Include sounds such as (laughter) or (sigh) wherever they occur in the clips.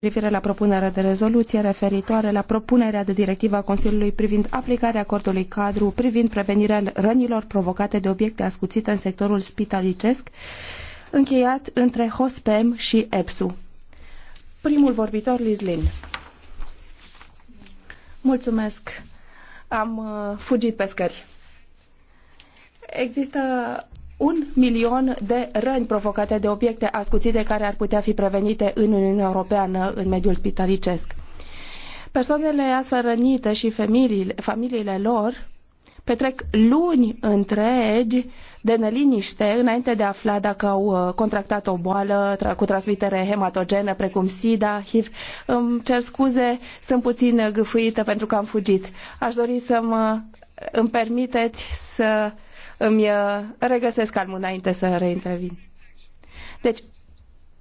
privire la propunerea de rezoluție referitoare la propunerea de directivă a Consiliului privind aplicarea acordului cadru privind prevenirea rănilor provocate de obiecte ascuțite în sectorul spitalicesc, încheiat între HOSPEM și EPSU. Primul vorbitor, Lizlin. Mulțumesc. Am uh, fugit pe scări. Există un milion de răni provocate de obiecte ascuțite care ar putea fi prevenite în Uniunea Europeană în mediul spitalicesc. Persoanele astfel rănite și familiile, familiile lor petrec luni întregi de neliniște înainte de a afla dacă au uh, contractat o boală cu transmitere hematogenă precum SIDA, HIV. Îmi cer scuze, sunt puțin gâfâită pentru că am fugit. Aș dori să mă îmi permiteți să îmi uh, regăsesc calmul înainte să reintervin. Deci,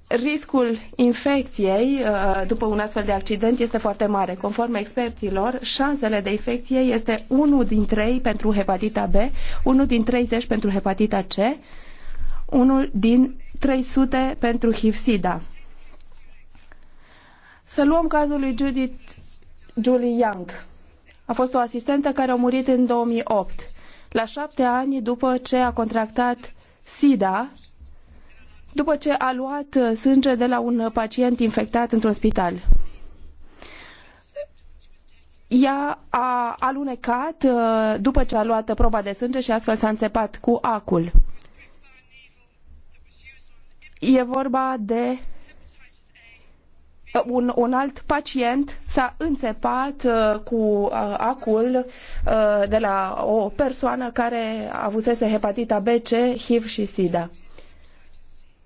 riscul infecției uh, după un astfel de accident este foarte mare. Conform experților, șansele de infecție este 1 din 3 pentru hepatita B, 1 din 30 pentru hepatita C, 1 din 300 pentru HIV-SIDA. Să luăm cazul lui Judith Julie Young. A fost o asistentă care a murit în 2008 la șapte ani după ce a contractat SIDA, după ce a luat sânge de la un pacient infectat într-un spital. Ea a alunecat uh, după ce a luat proba de sânge și astfel s-a înțepat cu acul. E vorba de Uh, un, un alt pacient s-a înțepat uh, cu uh, acul uh, de la o persoană care avusese hepatita B, C, HIV și SIDA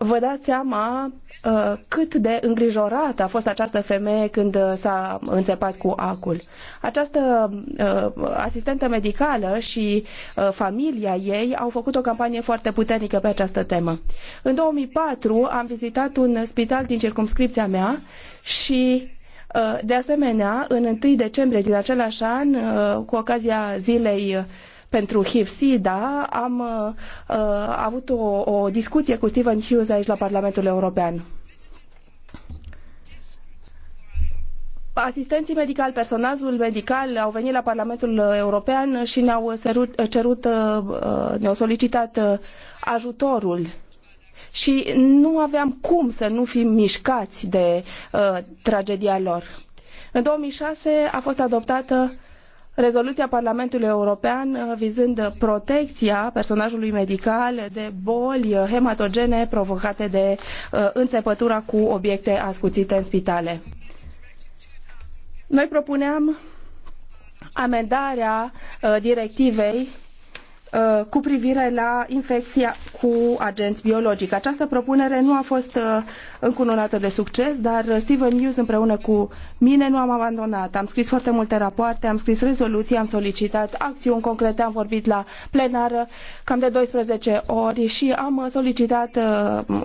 vă dați seama uh, cât de îngrijorată a fost această femeie când uh, s-a înțepat cu acul. Această uh, asistentă medicală și uh, familia ei au făcut o campanie foarte puternică pe această temă. În 2004 am vizitat un spital din circumscripția mea și uh, de asemenea, în 1 decembrie din același an, uh, cu ocazia zilei pentru HIV-SIDA am uh, uh, avut o, o discuție cu Stephen Hughes aici la Parlamentul European. Asistenții medicali, personalul medical au venit la Parlamentul European și ne-au cerut, uh, uh, ne-au solicitat ajutorul și nu aveam cum să nu fim mișcați de uh, tragedia lor. În 2006 a fost adoptată rezoluția Parlamentului European uh, vizând protecția personajului medical de boli hematogene provocate de uh, înțepătura cu obiecte ascuțite în spitale. Noi propuneam amendarea uh, directivei Uh, cu privire la infecția cu agenți biologici. Această propunere nu a fost uh, încununată de succes, dar uh, Steven Hughes împreună cu mine nu am abandonat. Am scris foarte multe rapoarte, am scris rezoluții, am solicitat acțiuni concrete, am vorbit la plenară cam de 12 ori și am solicitat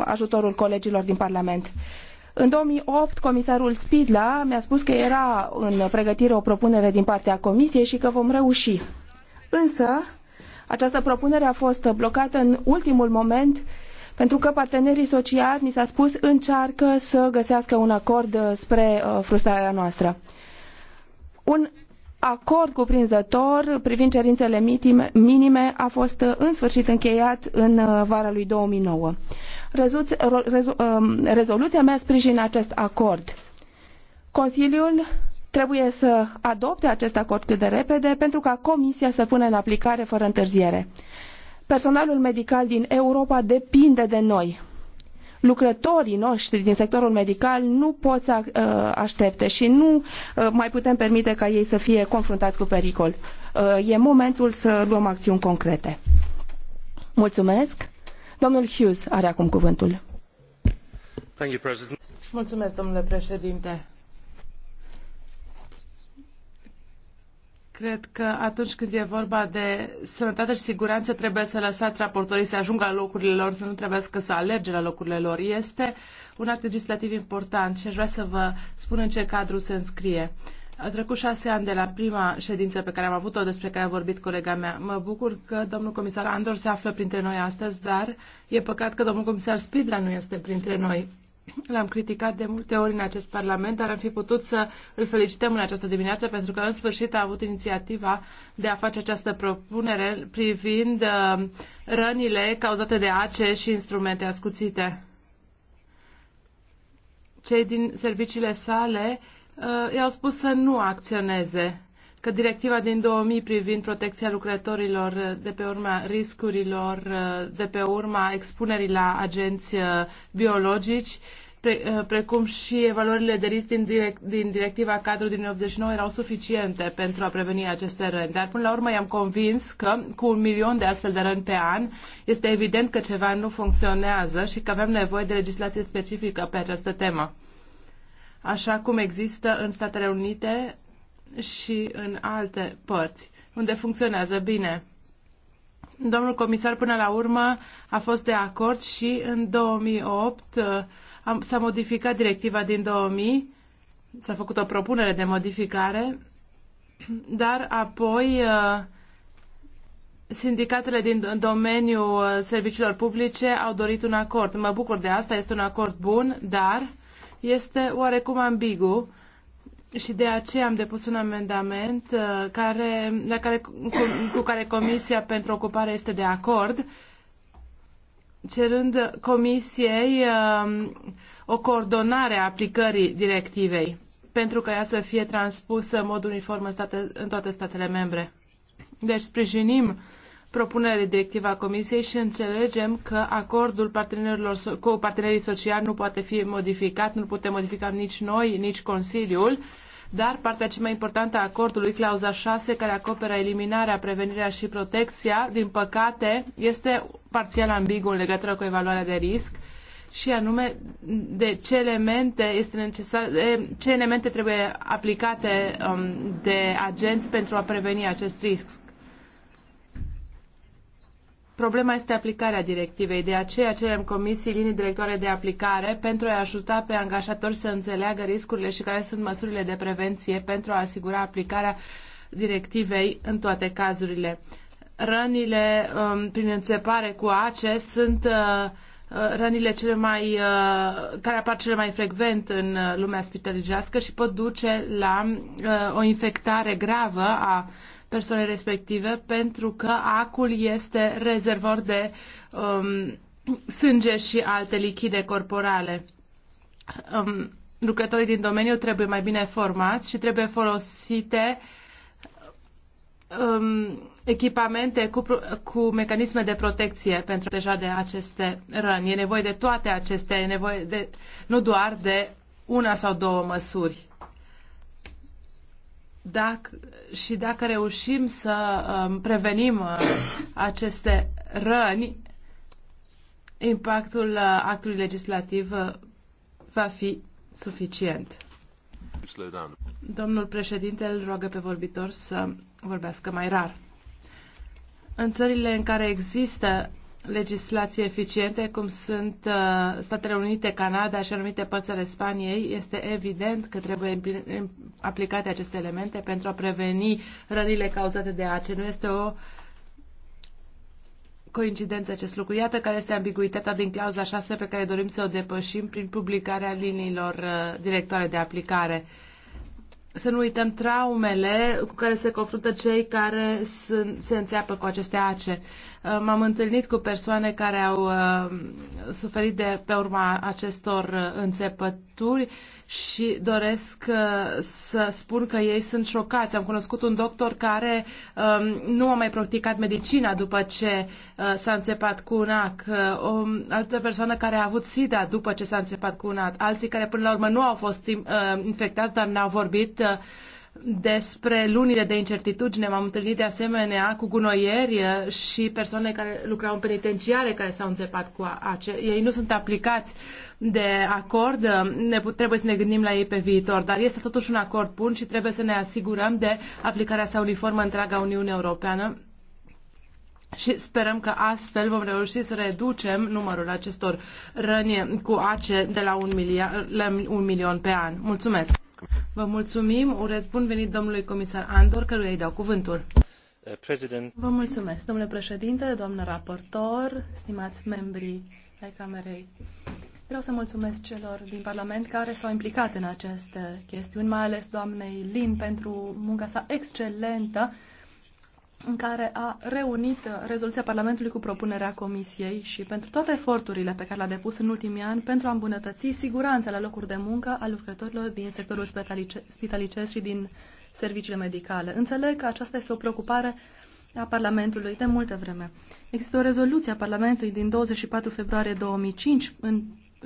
ajutorul colegilor din Parlament. În 2008, comisarul Spidla mi-a spus că era în pregătire o propunere din partea Comisiei și că vom reuși. Însă, această propunere a fost blocată în ultimul moment pentru că partenerii sociali, ni s-a spus, încearcă să găsească un acord spre uh, frustrarea noastră. Un acord cuprinzător privind cerințele minime a fost uh, în sfârșit încheiat în uh, vara lui 2009. Um, rezoluția mea sprijină acest acord. Consiliul trebuie să adopte acest acord cât de repede pentru ca Comisia să pună în aplicare fără întârziere. Personalul medical din Europa depinde de noi. Lucrătorii noștri din sectorul medical nu pot să uh, aștepte și nu uh, mai putem permite ca ei să fie confruntați cu pericol. Uh, e momentul să luăm acțiuni concrete. Mulțumesc. Domnul Hughes are acum cuvântul. Mulțumesc, domnule președinte Cred că atunci când e vorba de sănătate și siguranță, trebuie să lăsați raportorii să ajungă la locurile lor, să nu trebuie să alerge la locurile lor. Este un act legislativ important și aș vrea să vă spun în ce cadru se înscrie. A trecut șase ani de la prima ședință pe care am avut-o, despre care a vorbit colega mea. Mă bucur că domnul comisar Andor se află printre noi astăzi, dar e păcat că domnul comisar Spidla nu este printre noi. L-am criticat de multe ori în acest Parlament, dar am fi putut să îl felicităm în această dimineață pentru că în sfârșit a avut inițiativa de a face această propunere privind uh, rănile cauzate de ace și instrumente ascuțite. Cei din serviciile sale uh, i-au spus să nu acționeze că directiva din 2000 privind protecția lucrătorilor de pe urma riscurilor, de pe urma expunerii la agenți uh, biologici, uh, precum și evaluările de risc din, direct, din directiva cadru din 89 erau suficiente pentru a preveni aceste răni. Dar până la urmă i-am convins că cu un milion de astfel de răni pe an este evident că ceva nu funcționează și că avem nevoie de legislație specifică pe această temă așa cum există în Statele Unite și în alte părți, unde funcționează bine. Domnul comisar până la urmă a fost de acord și în 2008 uh, s-a modificat directiva din 2000, s-a făcut o propunere de modificare, dar apoi uh, sindicatele din domeniul uh, serviciilor publice au dorit un acord. Mă bucur de asta, este un acord bun, dar este oarecum ambigu și de aceea am depus un amendament uh, care, la care, cu, cu care Comisia pentru Ocupare este de acord, cerând Comisiei uh, o coordonare a aplicării directivei pentru că ea să fie transpusă în mod uniform în, state, în toate statele membre. Deci sprijinim uh, Propunerea de directivă a Comisiei și înțelegem că acordul partenerilor, cu partenerii sociali nu poate fi modificat, nu putem modifica nici noi, nici Consiliul, dar partea cea mai importantă a acordului, clauza 6, care acoperă eliminarea, prevenirea și protecția, din păcate, este parțial ambigu în legătură cu evaluarea de risc și anume de ce elemente este necesar, ce elemente trebuie aplicate um, de agenți pentru a preveni acest risc Problema este aplicarea directivei, de aceea cerem comisii linii directoare de aplicare pentru a ajuta pe angajatori să înțeleagă riscurile și care sunt măsurile de prevenție pentru a asigura aplicarea directivei în toate cazurile. Rănile um, prin înțepare cu ace sunt uh, uh, rănile cele mai, uh, care apar cele mai frecvent în uh, lumea spitalicească și pot duce la uh, o infectare gravă a persoanei respective pentru că acul este rezervor de um, sânge și alte lichide corporale. Um, lucrătorii din domeniu trebuie mai bine formați și trebuie folosite um, echipamente cu, cu mecanisme de protecție pentru deja de aceste răni. E nevoie de toate acestea, e nevoie de, nu doar de una sau două măsuri. Dacă și dacă reușim să um, prevenim uh, aceste răni, impactul uh, actului legislativ uh, va fi suficient. Domnul președinte îl roagă pe vorbitor să vorbească mai rar. În țările în care există legislație eficiente, cum sunt uh, Statele Unite, Canada și anumite părți ale Spaniei, este evident că trebuie aplicate aceste elemente pentru a preveni rănile cauzate de ACE. Nu este o coincidență acest lucru. Iată care este ambiguitatea din clauza 6 pe care dorim să o depășim prin publicarea liniilor uh, directoare de aplicare să nu uităm traumele cu care se confruntă cei care sunt, se înțeapă cu aceste ace. M-am întâlnit cu persoane care au uh, suferit de pe urma acestor uh, înțepături și doresc uh, să spun că ei sunt șocați. Am cunoscut un doctor care um, nu a mai practicat medicina după ce s-a înțepat cu un ac, o altă persoană care a avut SIDA după ce s-a înțepat cu un ac, alții care până la urmă nu au fost infectați, dar n-au vorbit despre lunile de incertitudine. M-am întâlnit de asemenea cu gunoieri uh, și persoane care lucrau în penitenciare care s-au înțepat cu ace. Ei nu sunt aplicați de acord, ne put, trebuie să ne gândim la ei pe viitor, dar este totuși un acord bun și trebuie să ne asigurăm de aplicarea sa uniformă întreaga Uniune Europeană și sperăm că astfel vom reuși să reducem numărul acestor răni cu ace de la un, milion, la un milion pe an. Mulțumesc! Vă mulțumim, urez bun venit domnului comisar Andor, căruia îi dau cuvântul. President. Vă mulțumesc, domnule președinte, doamnă raportor, stimați membri ai Camerei. Vreau să mulțumesc celor din Parlament care s-au implicat în aceste chestiuni, mai ales doamnei Lin pentru munca sa excelentă în care a reunit uh, rezoluția Parlamentului cu propunerea Comisiei și pentru toate eforturile pe care le-a depus în ultimii ani pentru a îmbunătăți siguranța la locuri de muncă a lucrătorilor din sectorul spitalice spitalicesc și din serviciile medicale. Înțeleg că aceasta este o preocupare a Parlamentului de multă vreme. Există o rezoluție a Parlamentului din 24 februarie 2005 în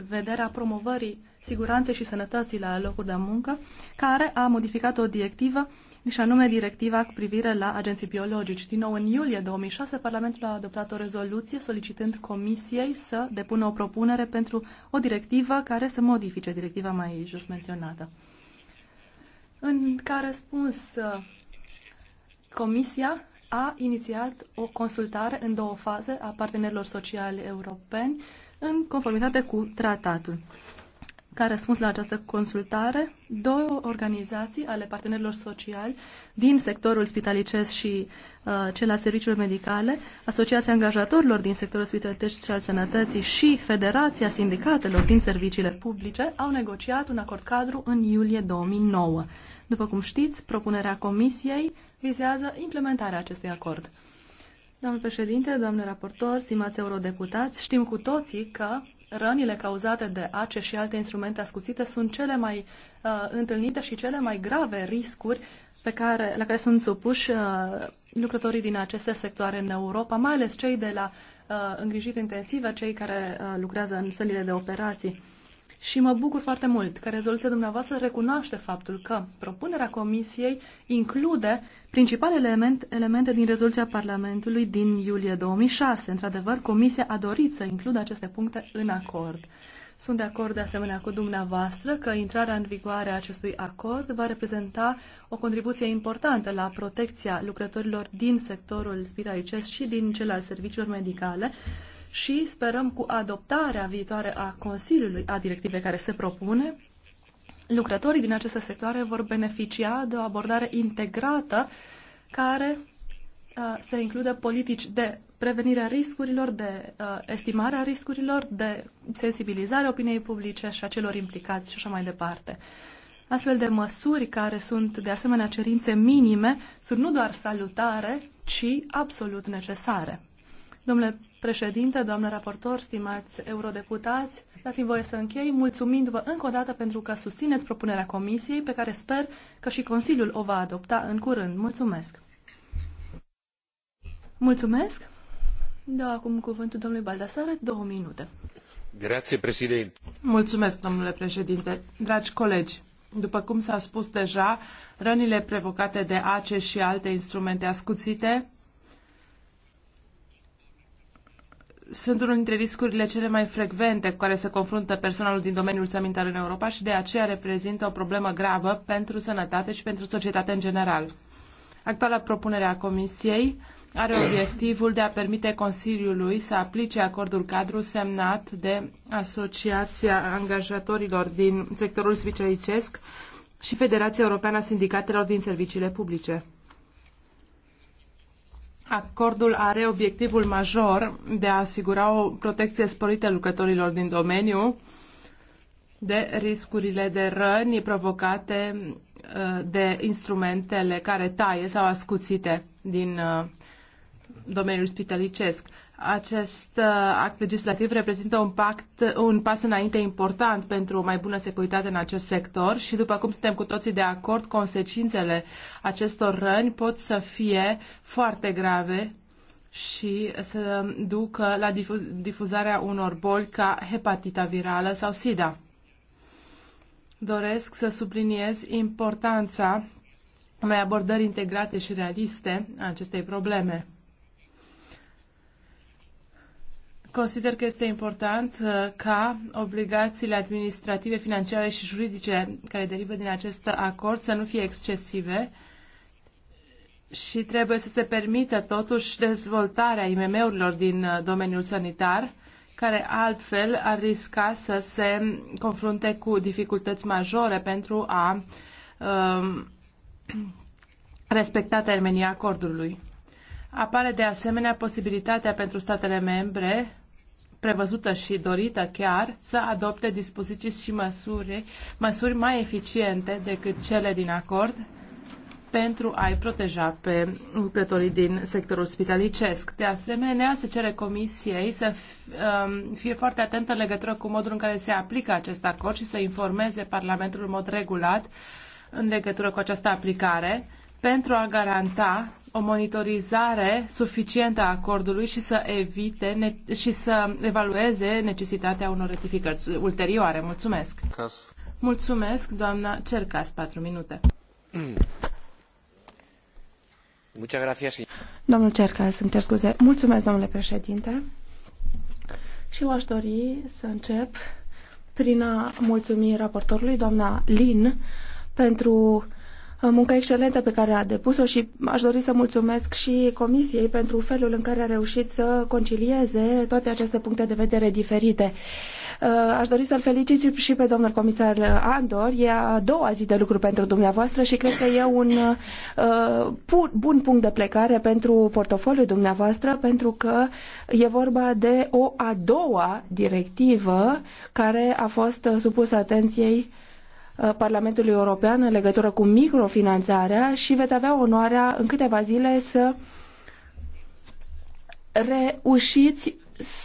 vederea promovării siguranței și sănătății la locuri de muncă, care a modificat o directivă și anume directiva cu privire la agenții biologici. Din nou, în iulie 2006, Parlamentul a adoptat o rezoluție solicitând Comisiei să depună o propunere pentru o directivă care să modifice directiva mai jos menționată. În ca răspuns, Comisia a inițiat o consultare în două faze a partenerilor sociali europeni în conformitate cu tratatul. Ca răspuns la această consultare, două organizații ale partenerilor sociali din sectorul spitalicesc și uh, cel al serviciilor medicale, Asociația Angajatorilor din sectorul spitalicesc și al sănătății și Federația Sindicatelor din serviciile publice, au negociat un acord cadru în iulie 2009. După cum știți, propunerea Comisiei vizează implementarea acestui acord. Doamne președinte, doamne raportor, stimați eurodeputați, știm cu toții că rănile cauzate de ace și alte instrumente ascuțite sunt cele mai uh, întâlnite și cele mai grave riscuri pe care, la care sunt supuși uh, lucrătorii din aceste sectoare în Europa, mai ales cei de la uh, îngrijiri intensive, cei care uh, lucrează în sălile de operații și mă bucur foarte mult că rezoluția dumneavoastră recunoaște faptul că propunerea Comisiei include principalele element, elemente din rezoluția Parlamentului din iulie 2006. Într-adevăr, Comisia a dorit să includă aceste puncte în acord. Sunt de acord de asemenea cu dumneavoastră că intrarea în vigoare a acestui acord va reprezenta o contribuție importantă la protecția lucrătorilor din sectorul spitalicesc și din cel al serviciilor medicale, și sperăm cu adoptarea viitoare a Consiliului a directivei care se propune, lucrătorii din aceste sectoare vor beneficia de o abordare integrată care se uh, să includă politici de prevenirea riscurilor, de uh, estimarea riscurilor, de sensibilizare opiniei publice și a celor implicați și așa mai departe. Astfel de măsuri care sunt de asemenea cerințe minime sunt nu doar salutare, ci absolut necesare. Domnule președinte, doamnă raportor, stimați eurodeputați, dați-mi voie să închei mulțumindu-vă încă o dată pentru că susțineți propunerea Comisiei, pe care sper că și Consiliul o va adopta în curând. Mulțumesc! Mulțumesc! Dau acum cuvântul domnului Baldasare, două minute. Grație, președinte. Mulțumesc, domnule președinte. Dragi colegi, după cum s-a spus deja, rănile provocate de ACE și alte instrumente ascuțite sunt unul dintre riscurile cele mai frecvente cu care se confruntă personalul din domeniul sanitar în Europa și de aceea reprezintă o problemă gravă pentru sănătate și pentru societate în general. Actuala propunere a Comisiei are obiectivul de a permite Consiliului să aplice acordul cadru semnat de Asociația Angajatorilor din sectorul specialicesc și Federația Europeană a Sindicatelor din Serviciile Publice. Acordul are obiectivul major de a asigura o protecție sporită lucrătorilor din domeniu de riscurile de răni provocate uh, de instrumentele care taie sau ascuțite din uh, domeniul spitalicesc. Acest uh, act legislativ reprezintă un, pact, un pas înainte important pentru o mai bună securitate în acest sector și, după cum suntem cu toții de acord, consecințele acestor răni pot să fie foarte grave și să ducă la difuz, difuzarea unor boli ca hepatita virală sau SIDA. Doresc să subliniez importanța unei abordări integrate și realiste a acestei probleme. Consider că este important uh, ca obligațiile administrative, financiare și juridice care derivă din acest acord să nu fie excesive și trebuie să se permită totuși dezvoltarea IMM-urilor din uh, domeniul sanitar, care altfel ar risca să se confrunte cu dificultăți majore pentru a uh, respecta termenii acordului. Apare de asemenea posibilitatea pentru statele membre prevăzută și dorită chiar să adopte dispoziții și măsuri, măsuri mai eficiente decât cele din acord pentru a-i proteja pe lucrătorii din sectorul spitalicesc. De asemenea, se cere comisiei să um, fie foarte atentă în legătură cu modul în care se aplică acest acord și să informeze Parlamentul în mod regulat în legătură cu această aplicare pentru a garanta o monitorizare suficientă a acordului și să evite și să evalueze necesitatea unor rectificări ulterioare. Mulțumesc. Cas. Mulțumesc, doamna Cercas, patru minute. Domnul Cercas, îmi cer scuze. Mulțumesc, domnule președinte. Și eu aș dori să încep prin a mulțumi raportorului, doamna Lin, pentru munca excelentă pe care a depus-o și aș dori să mulțumesc și Comisiei pentru felul în care a reușit să concilieze toate aceste puncte de vedere diferite. Uh, aș dori să-l felicit și pe domnul comisar Andor. E a doua zi de lucru pentru dumneavoastră și cred că e un uh, bun punct de plecare pentru portofoliul dumneavoastră, pentru că e vorba de o a doua directivă care a fost supusă atenției Uh, Parlamentului European în legătură cu microfinanțarea și veți avea onoarea în câteva zile să reușiți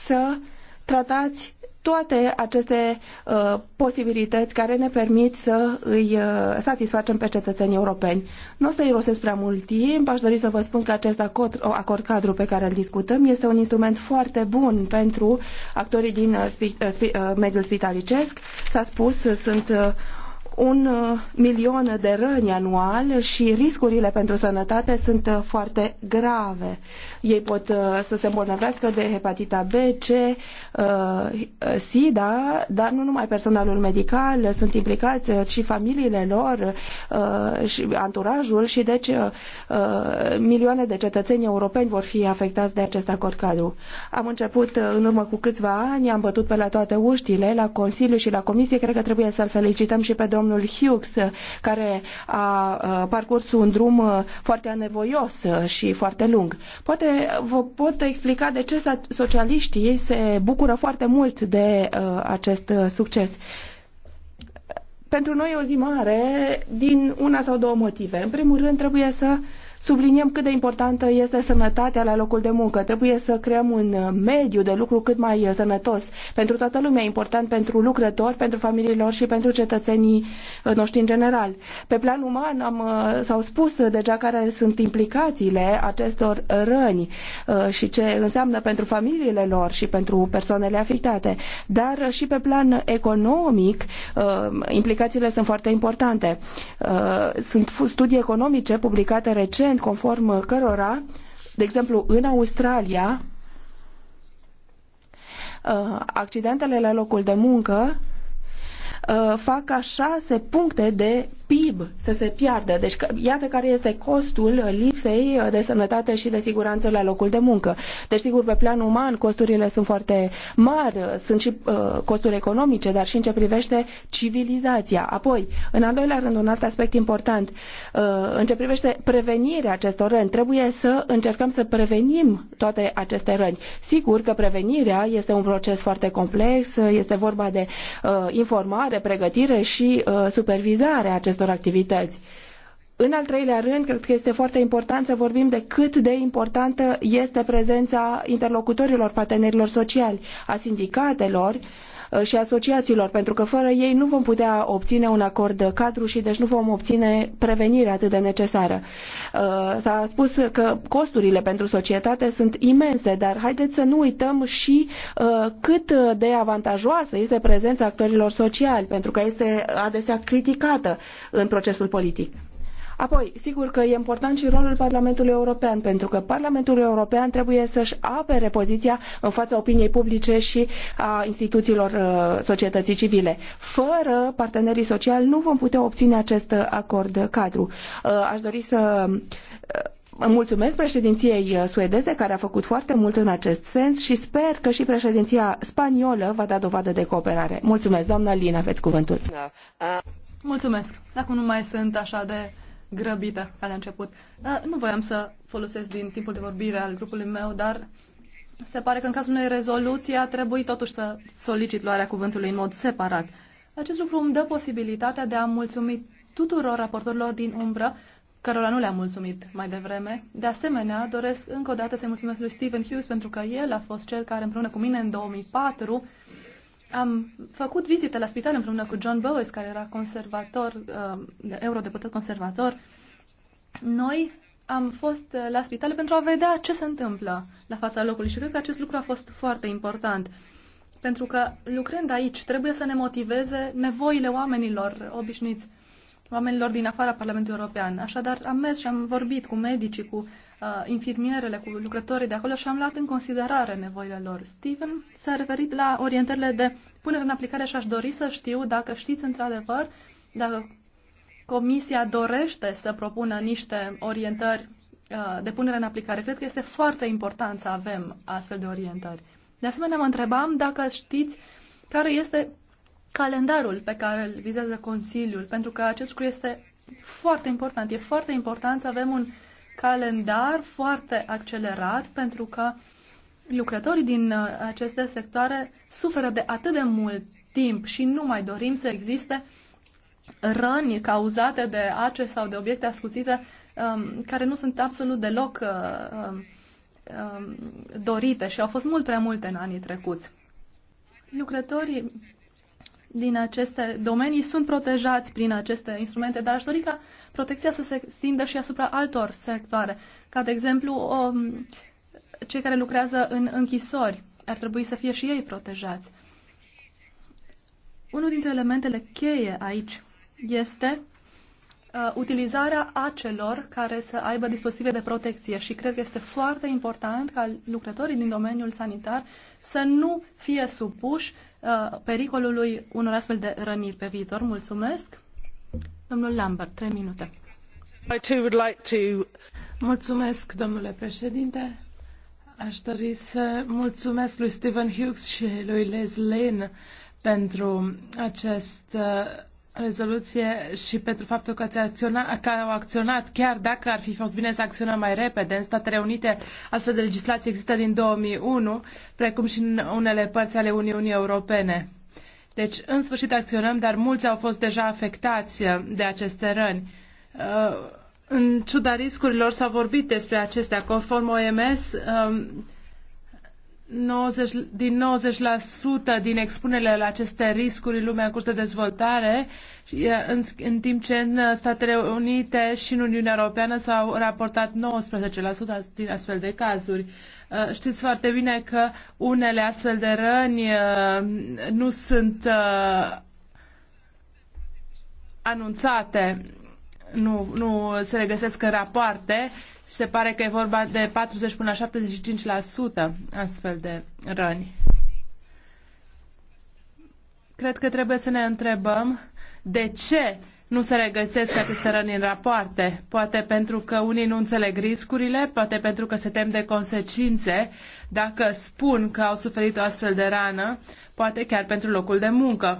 să tratați toate aceste uh, posibilități care ne permit să îi uh, satisfacem pe cetățenii europeni. Nu o să irosesc prea mult timp, aș dori să vă spun că acest acord, acord cadru pe care îl discutăm este un instrument foarte bun pentru actorii din uh, spi, uh, uh mediul spitalicesc. S-a spus, uh, sunt uh, un uh, milion de răni anual și riscurile pentru sănătate sunt uh, foarte grave. Ei pot uh, să se îmbolnăvească de hepatita B, C, uh, SIDA, dar nu numai personalul medical, sunt implicați uh, și familiile lor și anturajul și deci milioane de cetățeni europeni vor fi afectați de acest acord cadru. Am început în urmă cu câțiva ani, am bătut pe la toate uștile, la Consiliu și la Comisie, cred că trebuie să-l felicităm și pe domnul Hughes, care a parcurs un drum foarte anevoios și foarte lung. Poate vă pot explica de ce socialiștii se bucură foarte mult de uh, acest uh, succes. Pentru noi e o zi mare din una sau două motive. În primul rând trebuie să uh, subliniem cât de importantă este sănătatea la locul de muncă. Trebuie să creăm un uh, mediu de lucru cât mai uh, sănătos pentru toată lumea, important pentru lucrători, pentru familiilor și pentru cetățenii uh, noștri în general. Pe plan uman am, s-au spus deja care sunt implicațiile acestor răni și ce înseamnă pentru familiile lor și pentru persoanele afectate, dar și pe plan economic implicațiile sunt foarte importante. Sunt studii economice publicate recent argument conform cărora, de exemplu, în Australia, uh, accidentele la locul de muncă Uh, fac ca șase puncte de PIB să se piardă. Deci iată care este costul lipsei de sănătate și de siguranță la locul de muncă. Deci sigur, pe plan uman, costurile sunt foarte mari, sunt și uh, costuri economice, dar și în ce privește civilizația. Apoi, în al doilea rând, un alt aspect important, uh, în ce privește prevenirea acestor răni, trebuie să încercăm să prevenim toate aceste răni. Sigur că prevenirea este un proces foarte complex, este vorba de informare, de pregătire și uh, supervizare a acestor activități. În al treilea rând, cred că este foarte important să vorbim de cât de importantă este prezența interlocutorilor, partenerilor sociali, a sindicatelor, uh, Uh, și asociațiilor, pentru că fără ei nu vom putea obține un acord cadru și deci nu vom obține prevenirea atât de necesară. Uh, s-a spus că costurile pentru societate sunt imense, dar haideți să nu uităm și uh, cât de avantajoasă este prezența actorilor sociali, pentru că este adesea criticată în procesul politic. Apoi, sigur că e important și rolul Parlamentului European, pentru că Parlamentul European trebuie să-și apere poziția în fața opiniei publice și a instituțiilor uh, societății civile. Fără partenerii sociali nu vom putea obține acest uh, acord cadru. Uh, aș dori să Mulțumesc președinției suedeze care a făcut foarte mult în acest sens și sper că și președinția spaniolă va da dovadă de cooperare. Mulțumesc, doamna Lina, aveți cuvântul. Mulțumesc. Dacă nu mai sunt așa de grăbită ca de început. Uh, nu voiam să folosesc din timpul de vorbire al grupului meu, dar se pare că în cazul unei rezoluții a trebuit totuși să solicit luarea cuvântului în mod separat. Acest lucru îmi dă posibilitatea de a mulțumi tuturor raportorilor din umbră, cărora nu le-am mulțumit mai devreme. De asemenea, doresc încă o dată să-i mulțumesc lui Stephen Hughes pentru că el a fost cel care împreună cu mine în 2004 am făcut vizite la spital împreună cu John Bowes, care era conservator, uh, eurodeputat conservator. Noi am fost uh, la spital pentru a vedea ce se întâmplă la fața locului și cred că acest lucru a fost foarte important. Pentru că lucrând aici trebuie să ne motiveze nevoile oamenilor obișnuiți, oamenilor din afara Parlamentului European. Așadar am mers și am vorbit cu medicii, cu uh, infirmierele, cu lucrătorii de acolo și am luat în considerare nevoile lor. Steven s-a referit la orientările de punere în aplicare și aș dori să știu dacă știți într-adevăr dacă Comisia dorește să propună niște orientări uh, de punere în aplicare. Cred că este foarte important să avem astfel de orientări. De asemenea, mă întrebam dacă știți care este calendarul pe care îl vizează Consiliul, pentru că acest lucru este foarte important. E foarte important să avem un calendar foarte accelerat pentru că lucrătorii din uh, aceste sectoare suferă de atât de mult timp și nu mai dorim să existe răni cauzate de ace sau de obiecte ascuțite um, care nu sunt absolut deloc uh, um, um dorite și au fost mult prea multe în anii trecuți. Lucrătorii din aceste domenii sunt protejați prin aceste instrumente, dar aș dori ca protecția să se extindă și asupra altor sectoare, ca de exemplu o, um, cei care lucrează în închisori. Ar trebui să fie și ei protejați. Unul dintre elementele cheie aici este Uh, utilizarea acelor care să aibă dispozitive de protecție și cred că este foarte important ca lucrătorii din domeniul sanitar să nu fie supuși uh, pericolului unor astfel de răniri pe viitor. Mulțumesc. Domnul Lambert, trei minute. I too would like to... Mulțumesc, domnule președinte. Aș dori să mulțumesc lui Stephen Hughes și lui Les Lane pentru acest uh, rezoluție și pentru faptul că, ați acționat, că au acționat, chiar dacă ar fi fost bine să acționăm mai repede. În Statele Unite astfel de legislație există din 2001, precum și în unele părți ale Uniunii Europene. Deci, în sfârșit acționăm, dar mulți au fost deja afectați de aceste răni. Uh, în ciuda riscurilor s-a vorbit despre acestea. Conform OMS, um, 90, din 90% din expunerile la aceste riscuri în lumea în curs de dezvoltare, în, în timp ce în Statele Unite și în Uniunea Europeană s-au raportat 19% din astfel de cazuri. Știți foarte bine că unele astfel de răni nu sunt anunțate, nu, nu se regăsesc în rapoarte se pare că e vorba de 40 până la 75% astfel de răni. Cred că trebuie să ne întrebăm de ce nu se regăsesc aceste răni în rapoarte. Poate pentru că unii nu înțeleg riscurile, poate pentru că se tem de consecințe dacă spun că au suferit o astfel de rană, poate chiar pentru locul de muncă.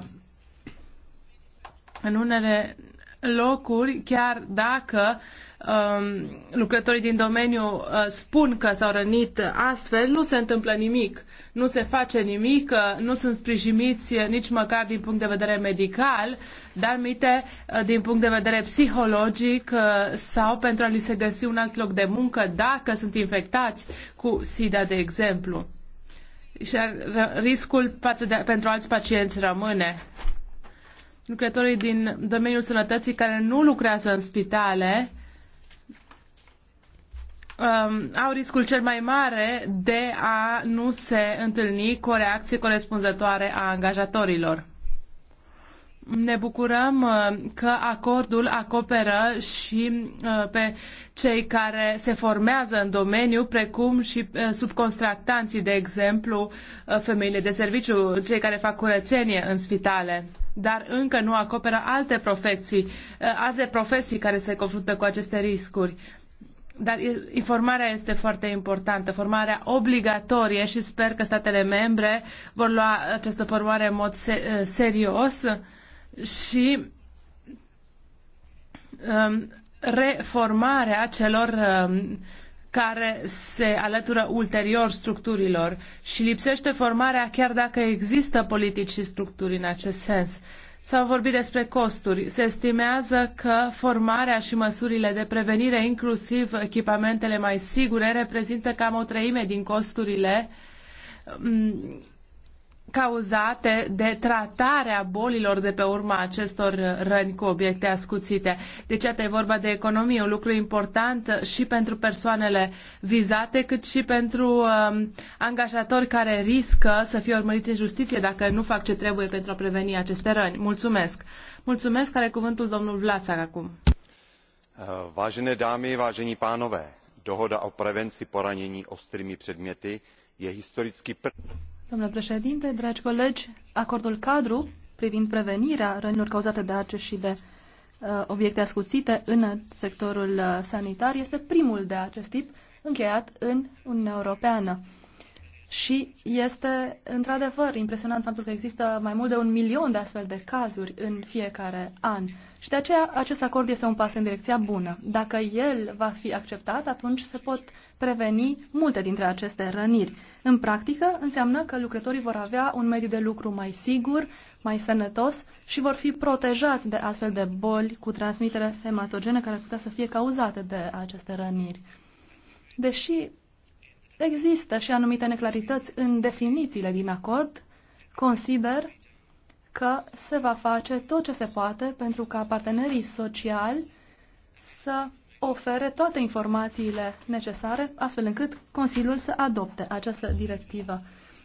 În unele locuri, chiar dacă uh, Um, lucrătorii din domeniu uh, spun că s-au rănit astfel, nu se întâmplă nimic, nu se face nimic, uh, nu sunt sprijiniți uh, nici măcar din punct de vedere medical, dar mite din punct de vedere psihologic sau pentru a li se găsi un alt loc de muncă dacă sunt infectați cu SIDA, de exemplu. Și riscul de, pentru alți pacienți rămâne. Lucrătorii din domeniul sănătății care nu lucrează în spitale um, au riscul cel mai mare de a nu se întâlni cu o reacție corespunzătoare a angajatorilor. Ne bucurăm uh, că acordul acoperă și uh, pe cei care se formează în domeniu, precum și uh, subcontractanții, de exemplu, femeile de serviciu, cei care fac curățenie în spitale, dar încă nu acoperă alte profesii, alte profesii care se confruntă cu aceste riscuri. Dar informarea este foarte importantă, formarea obligatorie și sper că statele membre vor lua această formare în mod eh, serios și um, reformarea celor um, care se alătură ulterior structurilor și lipsește formarea chiar dacă există politici și structuri în acest sens. Uh, S-au vorbit despre costuri. Se estimează că formarea și măsurile de prevenire, inclusiv echipamentele mai sigure, reprezintă cam o treime din costurile mm, cauzate de tratarea bolilor de pe urma acestor răni cu obiecte ascuțite. Deci, atât e vorba de economie, un lucru important și pentru persoanele vizate, cât și pentru um, angajatori care riscă să fie urmăriți în justiție dacă nu fac ce trebuie pentru a preveni aceste răni. Mulțumesc! Mulțumesc, are cuvântul domnul Vlasac acum. Eh, vážené dámy, vážení pánové, dohoda o prevenci poranění ostrými předměty je historicky první. Domnule președinte, dragi colegi, acordul cadru privind prevenirea rănilor cauzate de arce și de uh, obiecte ascuțite în sectorul uh, sanitar este primul de acest tip încheiat în Uniunea Europeană. Și este într-adevăr impresionant faptul că există mai mult de un milion de astfel de cazuri în fiecare an. Și de aceea acest acord este un pas în direcția bună. Dacă el va fi acceptat, atunci se pot preveni multe dintre aceste răniri. În practică, înseamnă că lucrătorii vor avea un mediu de lucru mai sigur, mai sănătos și vor fi protejați de astfel de boli cu transmitere hematogenă care ar putea să fie cauzate de aceste răniri. Deși Există și anumite neclarități în definițiile din acord. Consider că se va face tot ce se poate pentru ca partenerii sociali să ofere toate informațiile necesare, astfel încât Consiliul să adopte această directivă.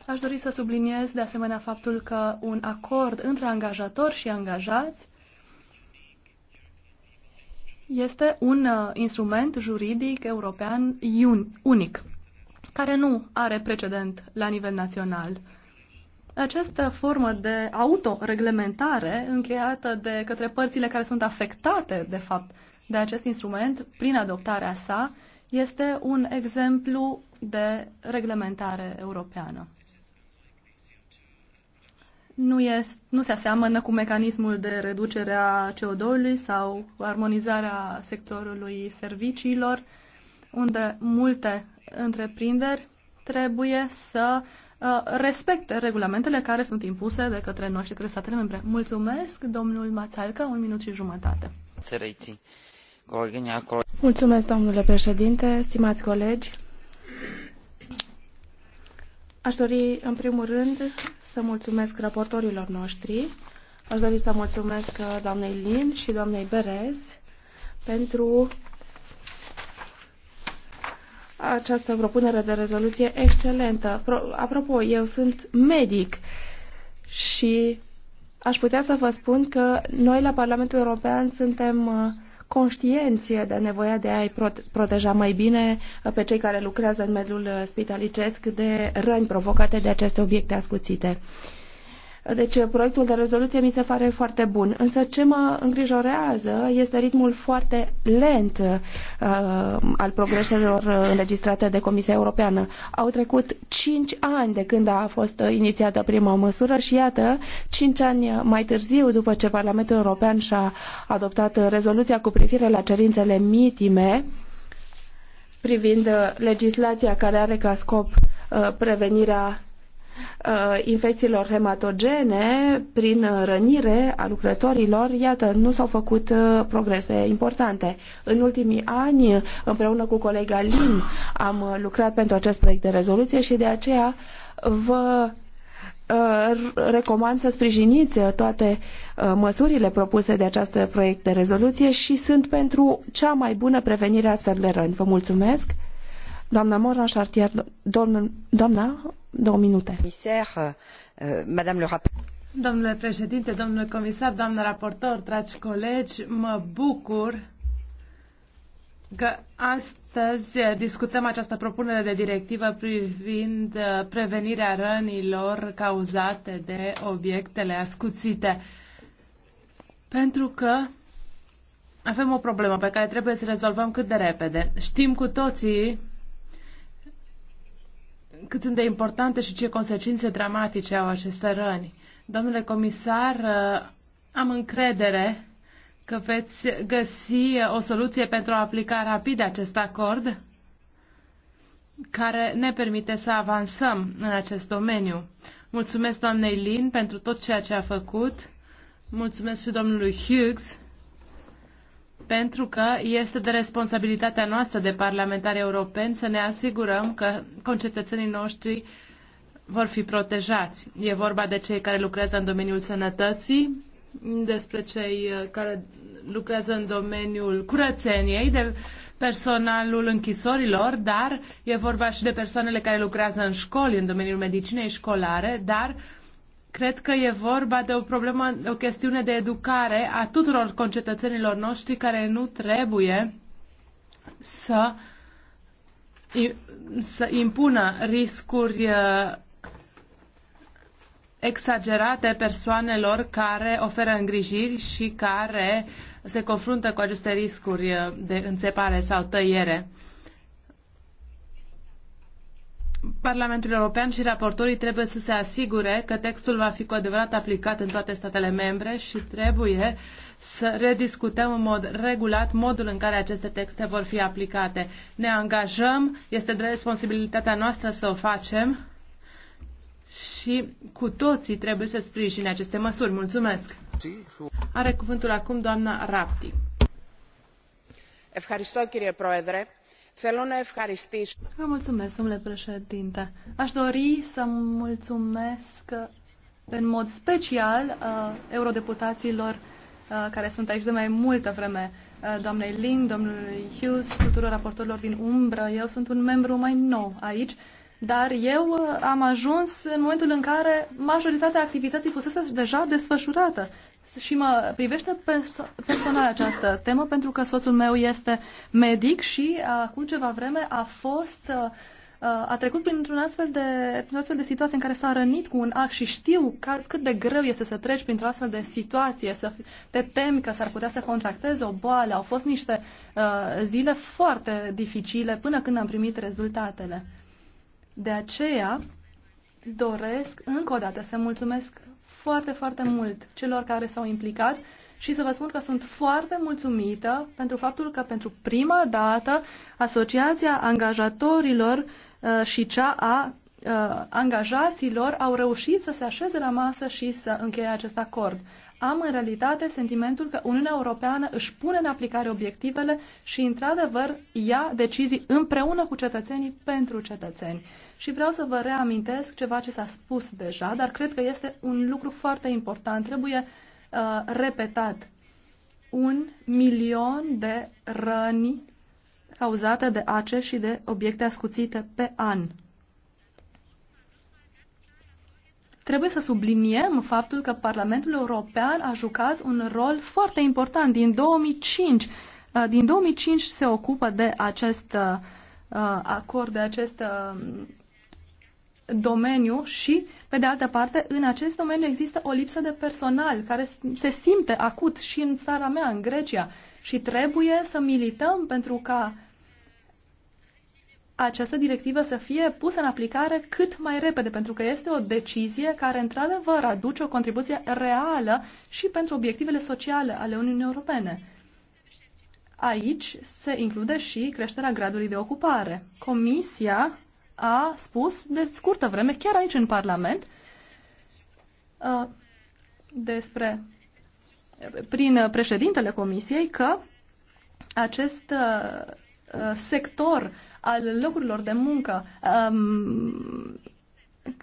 Aș dori să subliniez de asemenea faptul că un acord între angajatori și angajați este un uh, instrument juridic european unic care nu are precedent la nivel național. Această formă de autoreglementare încheiată de către părțile care sunt afectate, de fapt, de acest instrument prin adoptarea sa, este un exemplu de reglementare europeană. Nu, este, nu se aseamănă cu mecanismul de reducere a CO2-ului sau armonizarea sectorului serviciilor, unde multe întreprinderi trebuie să uh, respecte regulamentele care sunt impuse de către noi și de către statele membre. Mulțumesc, domnul Mațalca, un minut și jumătate. Mulțumesc, domnule președinte, stimați colegi. Aș dori, în primul rând, să mulțumesc raportorilor noștri. Aș dori să mulțumesc uh, doamnei Lin și doamnei Berez pentru această propunere de rezoluție excelentă. Pro, apropo, eu sunt medic și aș putea să vă spun că noi la Parlamentul European suntem uh, conștienți de nevoia de a-i proteja mai bine uh, pe cei care lucrează în mediul uh, spitalicesc de răni provocate de aceste obiecte ascuțite. Uh, deci uh, proiectul de rezoluție mi se pare foarte bun. Însă ce mă îngrijorează este ritmul foarte lent uh, al progreselor uh, înregistrate de Comisia Europeană. Au trecut 5 ani de când a fost uh, inițiată prima măsură și iată, 5 ani mai târziu, după ce Parlamentul European și-a adoptat rezoluția cu privire la cerințele mitime privind legislația care are ca scop prevenirea Uh, infecțiilor hematogene prin rănire a lucrătorilor, iată, nu s-au făcut uh, progrese importante. În ultimii ani, împreună cu colega Lim, am lucrat pentru acest proiect de rezoluție și de aceea vă uh, recomand să sprijiniți toate măsurile propuse de acest proiect de rezoluție și sunt pentru cea mai bună prevenire a astfel de răni. Vă mulțumesc! Doamna Chartier, doamna, două minute. Comisar, uh, madame le Domnule președinte, domnule comisar, doamnă raportor, dragi colegi, mă bucur că astăzi discutăm această propunere de directivă privind uh, prevenirea rănilor cauzate de obiectele ascuțite. Pentru că avem o problemă pe care trebuie să rezolvăm cât de repede. Știm cu toții cât sunt de importante și ce consecințe dramatice au aceste răni. Domnule comisar, uh, am încredere că veți găsi o soluție pentru a aplica rapid acest acord care ne permite să avansăm în acest domeniu. Mulțumesc doamnei Lin pentru tot ceea ce a făcut. Mulțumesc și domnului Hughes pentru că este de responsabilitatea noastră de parlamentari europeni să ne asigurăm că concetățenii noștri vor fi protejați. E vorba de cei care lucrează în domeniul sănătății, despre cei uh, care lucrează în domeniul curățeniei, de personalul închisorilor, dar e vorba și de persoanele care lucrează în școli, în domeniul medicinei școlare, dar uh, Cred că e vorba de o problemă, o chestiune de educare a tuturor concetățenilor noștri care nu trebuie să, să impună riscuri uh, exagerate persoanelor care oferă îngrijiri și care se confruntă cu aceste riscuri uh, de înțepare sau tăiere. Parlamentul European și raportorii trebuie să se asigure că textul va fi cu adevărat aplicat în toate statele membre și trebuie să rediscutăm în mod regulat modul în care aceste texte vor fi aplicate. Ne angajăm, este de responsabilitatea noastră să o facem și cu toții trebuie să sprijine aceste măsuri. Mulțumesc! Are cuvântul acum doamna Rapti. Ευχαριστώ κύριε Θέλω Vă mulțumesc, domnule președinte. Aș dori să mulțumesc în mod special uh, eurodeputaților uh, care sunt aici de mai multă vreme, uh, doamnei Lin, domnului Hughes, tuturor raportorilor din umbră. Eu sunt un membru mai nou aici, dar eu uh, am ajuns în momentul în care majoritatea activității fusese deja desfășurată și mă privește perso- personal această temă pentru că soțul meu este medic și acum ceva vreme a fost uh, uh, a trecut printr-un astfel de, printr astfel de situație în care s-a rănit cu un ac și știu ca, cât de greu este să treci printr-o astfel de situație, să te temi că s-ar putea să contractezi o boală. Au fost niște uh, zile foarte dificile până când am primit rezultatele. De aceea doresc încă o dată să mulțumesc foarte, foarte mult celor care s-au implicat și să vă spun că sunt foarte mulțumită pentru faptul că pentru prima dată Asociația Angajatorilor uh, și cea a uh, angajaților au reușit să se așeze la masă și să încheie acest acord. Am în realitate sentimentul că Uniunea Europeană își pune în aplicare obiectivele și, într-adevăr, ia decizii împreună cu cetățenii pentru cetățeni. Și vreau să vă reamintesc ceva ce s-a spus deja, dar cred că este un lucru foarte important. Trebuie uh, repetat. Un milion de răni cauzate de ace și de obiecte ascuțite pe an. Trebuie să subliniem faptul că Parlamentul European a jucat un rol foarte important din 2005. Uh, din 2005 se ocupă de acest uh, uh, acord, de acest domeniu și, pe de altă parte, în acest domeniu există o lipsă de personal care se simte acut și în țara mea, în Grecia. Și trebuie să milităm pentru ca această directivă să fie pusă în aplicare cât mai repede, pentru că este o decizie care, într-adevăr, aduce o contribuție reală și pentru obiectivele sociale ale Uniunii Europene. Aici se include și creșterea gradului de ocupare. Comisia a spus de scurtă vreme, chiar aici în Parlament, despre, prin președintele Comisiei, că acest sector al locurilor de muncă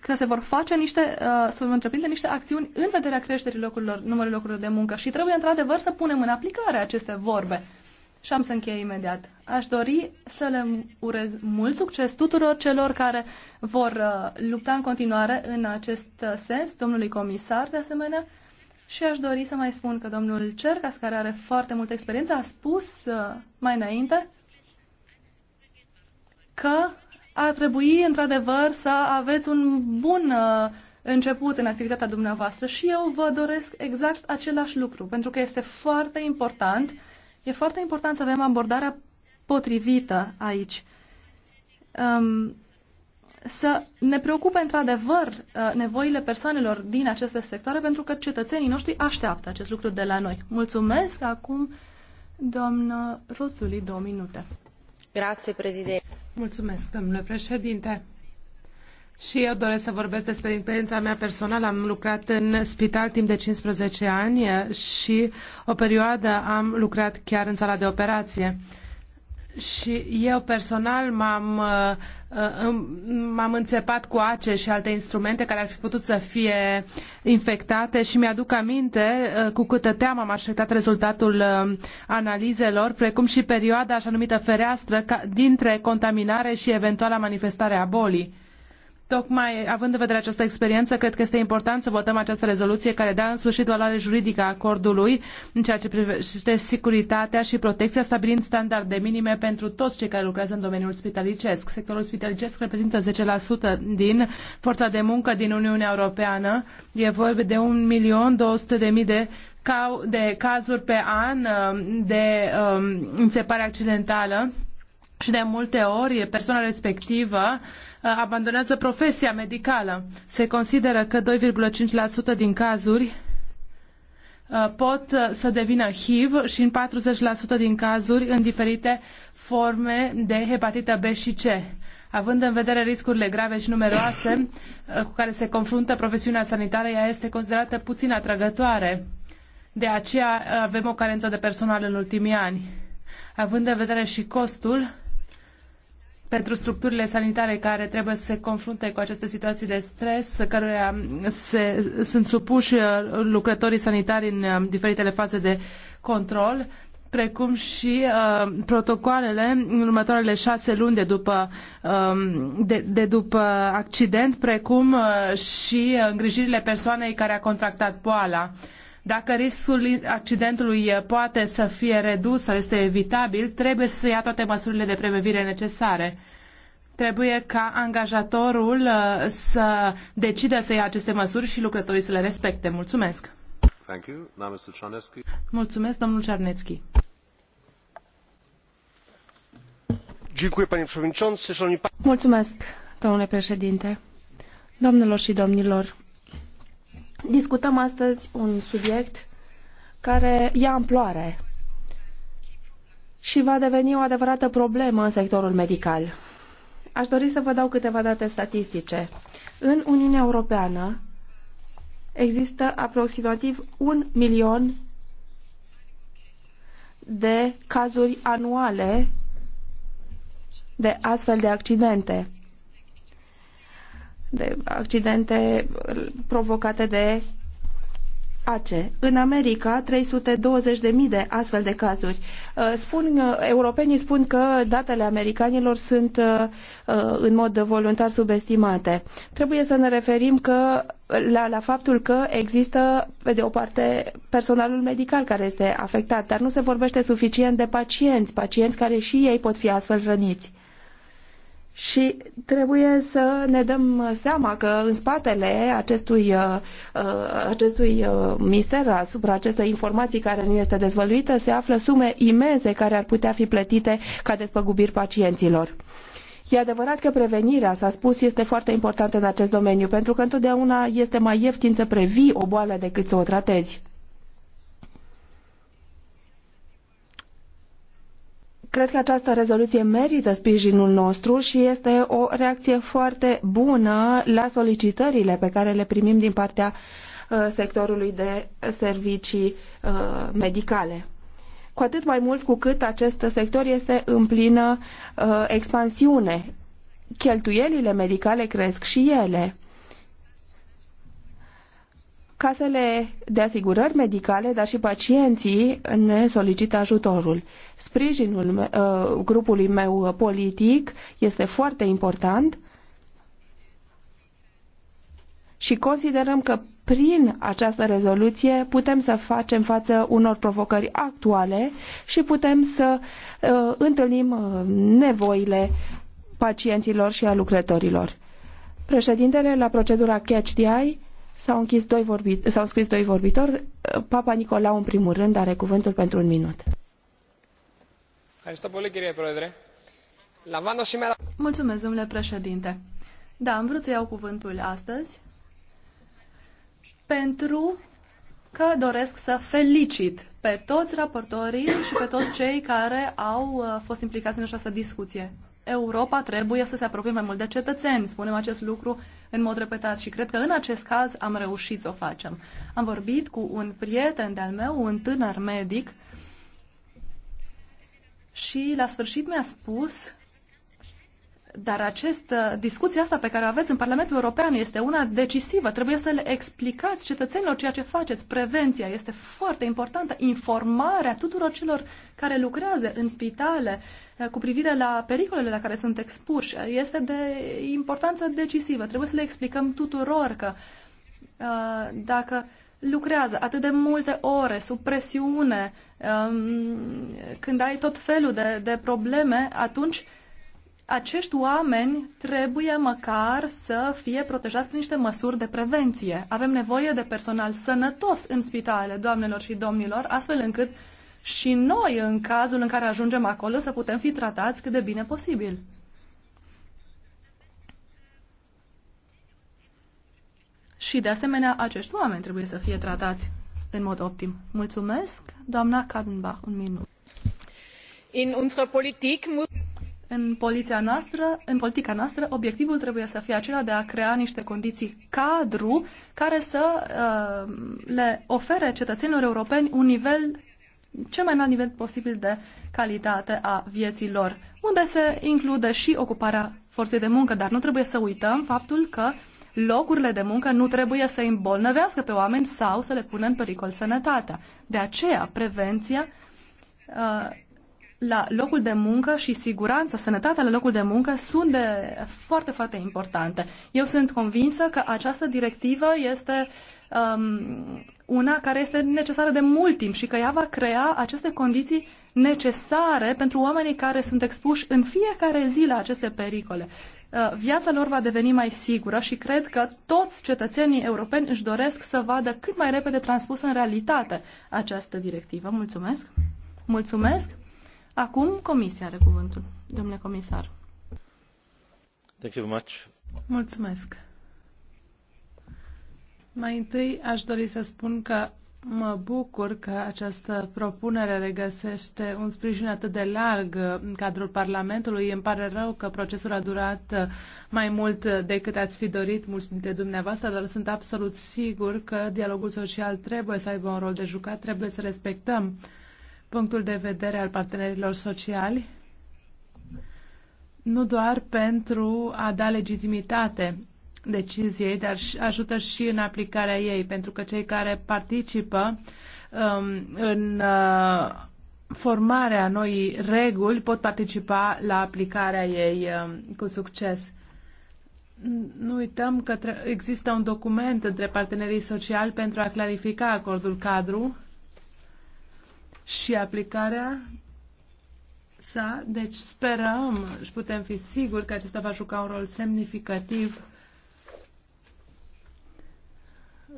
că se vor face niște, să să întreprinde niște acțiuni în vederea creșterii locurilor, numărului locurilor de muncă și trebuie într-adevăr să punem în aplicare aceste vorbe și am să închei imediat. Aș dori să le urez mult succes tuturor celor care vor uh, lupta în continuare în acest uh, sens, domnului comisar de asemenea, și aș dori să mai spun că domnul Cercas, care are foarte multă experiență, a spus uh, mai înainte că a trebui într-adevăr să aveți un bun început în activitatea dumneavoastră și eu vă doresc exact același lucru, pentru că este foarte important E foarte important să avem abordarea potrivită aici. Um, să ne preocupe într-adevăr uh, nevoile persoanelor din aceste sectoare, pentru că cetățenii noștri așteaptă acest lucru de la noi. Mulțumesc acum, doamnă Rosuli, două minute. Grație, președinte. Mulțumesc, domnule președinte. Și eu doresc să vorbesc despre experiența mea personală. Am lucrat în spital timp de 15 ani și o perioadă am lucrat chiar în sala de operație. Și eu personal m-am, uh, m-am înțepat cu ace și alte instrumente care ar fi putut să fie infectate și mi-aduc aminte uh, cu câtă teamă am așteptat rezultatul uh, analizelor, precum și perioada așa numită fereastră dintre contaminare și eventuala manifestare a bolii Tocmai având în vedere această experiență, cred că este important să votăm această rezoluție care dă în sfârșit valoare juridică a acordului în ceea ce privește securitatea și protecția, stabilind standarde minime pentru toți cei care lucrează în domeniul spitalicesc. Sectorul spitalicesc reprezintă 10% din forța de muncă din Uniunea Europeană. E vorba de 1.200.000 de de cazuri pe an um, de um, înțepare accidentală și de multe ori persoana respectivă uh, abandonează profesia medicală. Se consideră că 2,5% din cazuri uh, pot uh, să devină HIV și în 40% din cazuri în diferite forme de hepatită B și C. Având în vedere riscurile grave și numeroase cu care se confruntă profesiunea sanitară, ea este considerată puțin atrăgătoare. De aceea avem o carență de personal în ultimii ani. Având în vedere și costul, pentru structurile sanitare care trebuie să se confrunte cu aceste situații de stres, cărora se, sunt supuși uh, lucrătorii sanitari în uh, diferitele faze de control, precum și uh, protocoalele în următoarele șase luni de după, um, de, de după accident, precum uh, și îngrijirile persoanei care a contractat boala. Uh, dacă riscul accidentului eh, poate să fie redus sau este evitabil, trebuie să se ia toate măsurile de prevenire necesare. Trebuie ca angajatorul eh, să decidă să ia aceste măsuri și lucrătorii să le respecte. Mulțumesc! Thank you. Mulțumesc, domnul Czarnecki. Mulțumesc, domnule președinte. Domnilor și domnilor, Discutăm astăzi un subiect care ia amploare și va deveni o adevărată problemă în sectorul medical. Aș dori să vă dau câteva date statistice. În Uniunea Europeană există aproximativ un milion de cazuri anuale de astfel de accidente de accidente provocate de ACE. În America, 320.000 de astfel de cazuri. Uh, spun, uh, europenii spun că datele americanilor sunt uh, în mod voluntar subestimate. Trebuie să ne referim că la, la faptul că există, pe de o parte, personalul medical care este afectat, dar nu se vorbește suficient de pacienți, pacienți care și ei pot fi astfel răniți și trebuie să ne dăm seama că în spatele acestui, uh, uh, acestui uh, mister, asupra acestei informații care nu este dezvăluită, se află sume imense care ar putea fi plătite ca despăgubiri pacienților. E adevărat că prevenirea, s-a spus, este foarte importantă în acest domeniu, pentru că întotdeauna este mai ieftin să previi o boală decât să o tratezi. Cred că această rezoluție merită sprijinul nostru și este o reacție foarte bună la solicitările pe care le primim din partea uh, sectorului de servicii uh, medicale cu atât mai mult cu cât acest sector este în plină uh, expansiune. Cheltuielile medicale cresc și ele. Casele de asigurări medicale, dar și pacienții ne solicită ajutorul. Sprijinul uh, grupului meu politic este foarte important și considerăm că prin această rezoluție putem să facem față unor provocări actuale și putem să uh, întâlnim uh, nevoile pacienților și a lucrătorilor. Președintele, la procedura Catch the Eye, S-au, închis doi vorbit- s-au scris doi vorbitori. Papa Nicolau, în primul rând, are cuvântul pentru un minut. Mulțumesc, domnule președinte. Da, am vrut să iau cuvântul astăzi pentru că doresc să felicit pe toți raportorii și pe toți cei care au uh, fost implicați în această discuție. Europa trebuie să se apropie mai mult de cetățeni. Spunem acest lucru în mod repetat și cred că în acest caz am reușit să o facem. Am vorbit cu un prieten de-al meu, un tânăr medic, și la sfârșit mi-a spus dar acest, uh, discuția asta pe care o aveți în Parlamentul European este una decisivă. Trebuie să le explicați cetățenilor ceea ce faceți. Prevenția este foarte importantă. Informarea tuturor celor care lucrează în spitale uh, cu privire la pericolele la care sunt expuși uh, este de importanță decisivă. Trebuie să le explicăm tuturor că dacă lucrează atât de multe ore, sub presiune, um, când ai tot felul de, de probleme, atunci uh, acești oameni trebuie măcar să fie protejați prin niște măsuri de prevenție. Avem nevoie de personal sănătos în spitale, doamnelor și domnilor, astfel încât și noi, în cazul în care ajungem acolo, să putem fi tratați cât de bine posibil. Și, de asemenea, acești oameni trebuie să fie tratați în mod optim. Mulțumesc, doamna Kadenbach, un minut. In unserer Politik muss în, poliția noastră, în politica noastră, obiectivul trebuie să fie acela de a crea niște condiții cadru care să uh, le ofere cetățenilor europeni un nivel cel mai înalt nivel posibil de calitate a vieții lor, unde se include și ocuparea forței de muncă, dar nu trebuie să uităm faptul că locurile de muncă nu trebuie să îmbolnăvească pe oameni sau să le pună în pericol sănătatea. De aceea, prevenția uh, la locul de muncă și siguranța, sănătatea la locul de muncă sunt de foarte, foarte importante. Eu sunt convinsă că această directivă este um, una care este necesară de mult timp și că ea va crea aceste condiții necesare pentru oamenii care sunt expuși în fiecare zi la aceste pericole. Uh, viața lor va deveni mai sigură și cred că toți cetățenii europeni își doresc să vadă cât mai repede transpusă în realitate această directivă. Mulțumesc! Mulțumesc! Acum Comisia are cuvântul, domnule comisar. Thank you very much. Mulțumesc. Mai întâi aș dori să spun că mă bucur că această propunere regăsește un sprijin atât de larg în cadrul Parlamentului. Îmi pare rău că procesul a durat mai mult decât ați fi dorit mulți dintre dumneavoastră, dar sunt absolut sigur că dialogul social trebuie să aibă un rol de jucat, trebuie să respectăm uh, punctul de vedere al partenerilor sociali, nu doar pentru a da legitimitate deciziei, dar ajută și în aplicarea ei, pentru că cei care participă um, în uh, formarea noii reguli pot participa la aplicarea ei um, cu succes. Nu uităm că există un document între partenerii sociali pentru a clarifica acordul cadru și aplicarea sa. Deci sperăm și putem fi siguri că acesta va juca un rol semnificativ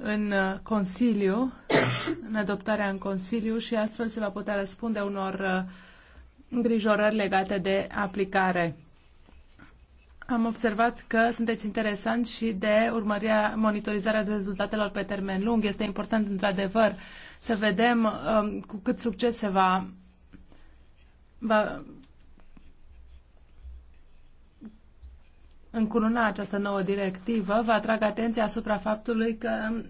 în uh, Consiliu, (coughs) în adoptarea în Consiliu și astfel se va putea răspunde unor uh, îngrijorări legate de aplicare. Am observat că sunteți interesant și de urmărirea, monitorizarea rezultatelor pe termen lung. Este important, într-adevăr, să vedem um, cu cât succes se va, va încununa această nouă directivă. Vă atrag atenția asupra faptului că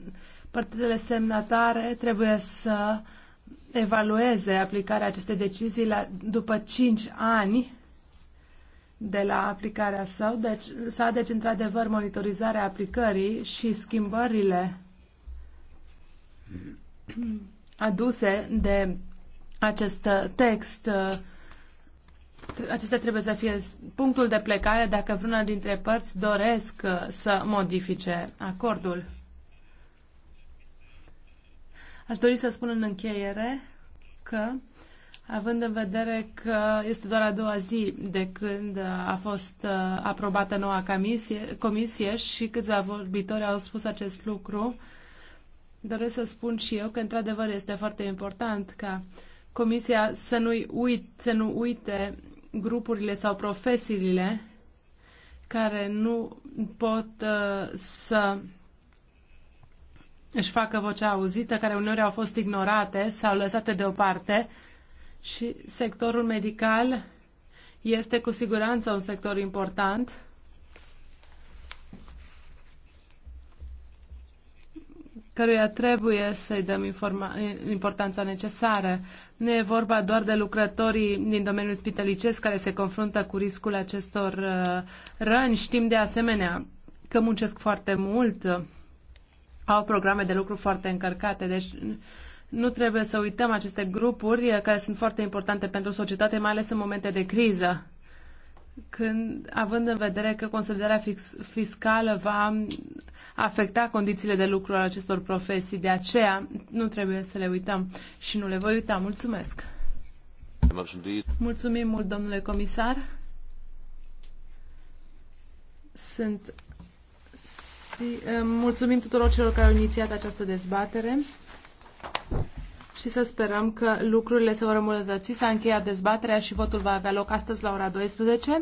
partidele semnatare trebuie să evalueze aplicarea acestei decizii la, după 5 ani de la aplicarea său. Deci, s-a deci într-adevăr monitorizarea aplicării și schimbările aduse de acest text. Acestea trebuie să fie punctul de plecare dacă vreuna dintre părți doresc să modifice acordul. Aș dori să spun în încheiere că, având în vedere că este doar a doua zi de când a fost aprobată noua comisie, comisie și câțiva vorbitori au spus acest lucru, Doresc să spun și eu că, într-adevăr, este foarte important ca Comisia să, nu uit, să nu uite grupurile sau profesiile care nu pot uh, să își facă vocea auzită, care uneori au fost ignorate sau lăsate deoparte și sectorul medical este cu siguranță un sector important căruia trebuie să-i dăm importanța necesară. Nu e vorba doar de lucrătorii din domeniul spitalicesc care se confruntă cu riscul acestor uh, răni. Știm de asemenea că muncesc foarte mult, au programe de lucru foarte încărcate, deci nu trebuie să uităm aceste grupuri uh, care sunt foarte importante pentru societate, mai ales în momente de criză când, având în vedere că consolidarea fiscală va afecta condițiile de lucru al acestor profesii. De aceea nu trebuie să le uităm și nu le voi uita. Mulțumesc! Mulțumim mult, domnule comisar! Sunt... Eh, mulțumim tuturor celor care au inițiat această dezbatere și să sperăm că lucrurile se vor îmbunătăți. S-a încheiat dezbaterea și votul va avea loc astăzi la ora 12.